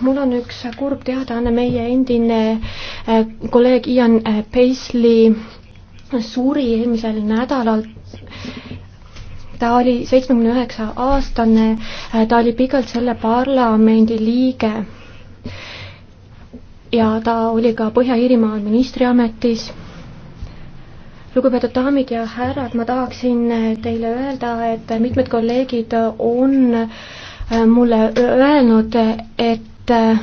mul on üks kurb teadaanne, meie endine äh, kolleeg Ian äh, Paisley suri eelmisel nädalal. ta oli seitsmekümne üheksa aastane, äh, ta oli pikalt selle parlamendi liige. ja ta oli ka Põhja-Iirimaal ministriametis lugupeetud daamid ja härrad, ma tahaksin teile öelda, et mitmed kolleegid on mulle öelnud, et et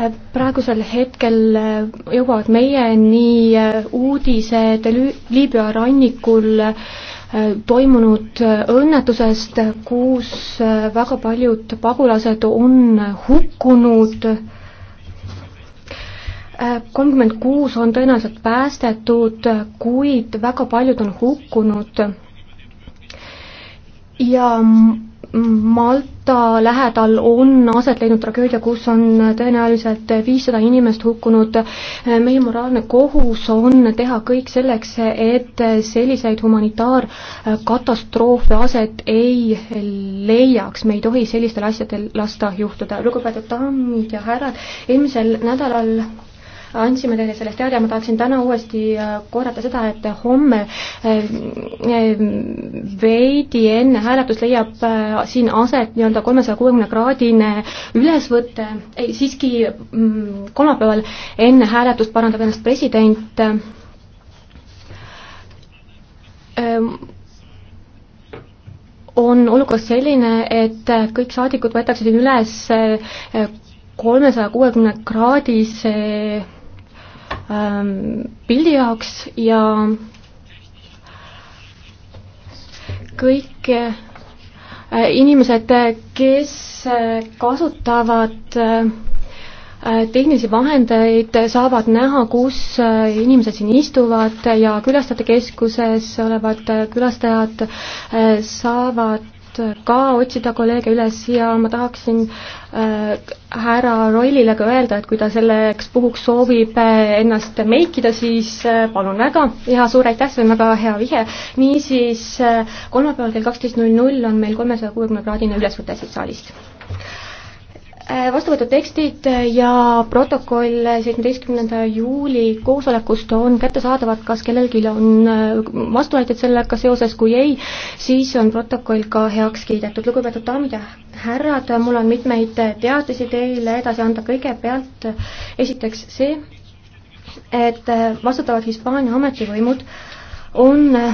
äh, praegusel hetkel äh, jõuavad meieni äh, uudised Liibüa rannikul toimunud õnnetusest, kus väga paljud pagulased on hukkunud. kolmkümmend kuus on tõenäoliselt päästetud, kuid väga paljud on hukkunud ja Malta lähedal on aset leidnud tragöödia, kus on tõenäoliselt viissada inimest hukkunud. meie moraalne kohus on teha kõik selleks, et selliseid humanitaarkatastroofe aset ei leiaks, me ei tohi sellistel asjadel lasta juhtuda. lugupeetud daamid ja härrad, eelmisel nädalal andsime teile sellest teada ja ma tahaksin täna uuesti äh, korrata seda, et homme äh, äh, veidi enne hääletust leiab siin aset nii-öelda kolmesaja kuuekümne kraadine ülesvõte, ei siiski mm, kolmapäeval enne hääletust parandab ennast president ähm, on olukord selline, et kõik saadikud võetakse siin üles kolmesaja kuuekümne kraadise Ähm, pildi jaoks ja kõik äh, inimesed, kes äh, kasutavad äh, tehnilisi vahendeid, saavad näha, kus inimesed siin istuvad ja külastajate keskuses olevad külastajad saavad püüdnud ka otsida kolleege üles ja ma tahaksin äh, härra Roilile ka öelda, et kui ta selleks puhuks soovib äh, ennast meikida, siis äh, palun väga ja suur aitäh, see on väga hea vihje. niisiis äh, kolmapäeval kell kaksteist null null on meil kolmesaja kuuekümne kraadine ülesvõte siit saalist. Äh, vastu võetud tekstid äh, ja protokoll äh, seitsmeteistkümnenda juuli koosolekust on kättesaadavad, kas kellelgi on vastuväited sellega seoses, kui ei, siis on protokoll ka heaks kiidetud. lugupeetud daamid ja härrad, mul on mitmeid teadmisi teile edasi anda, kõigepealt esiteks see, et vastutavad Hispaania ametivõimud on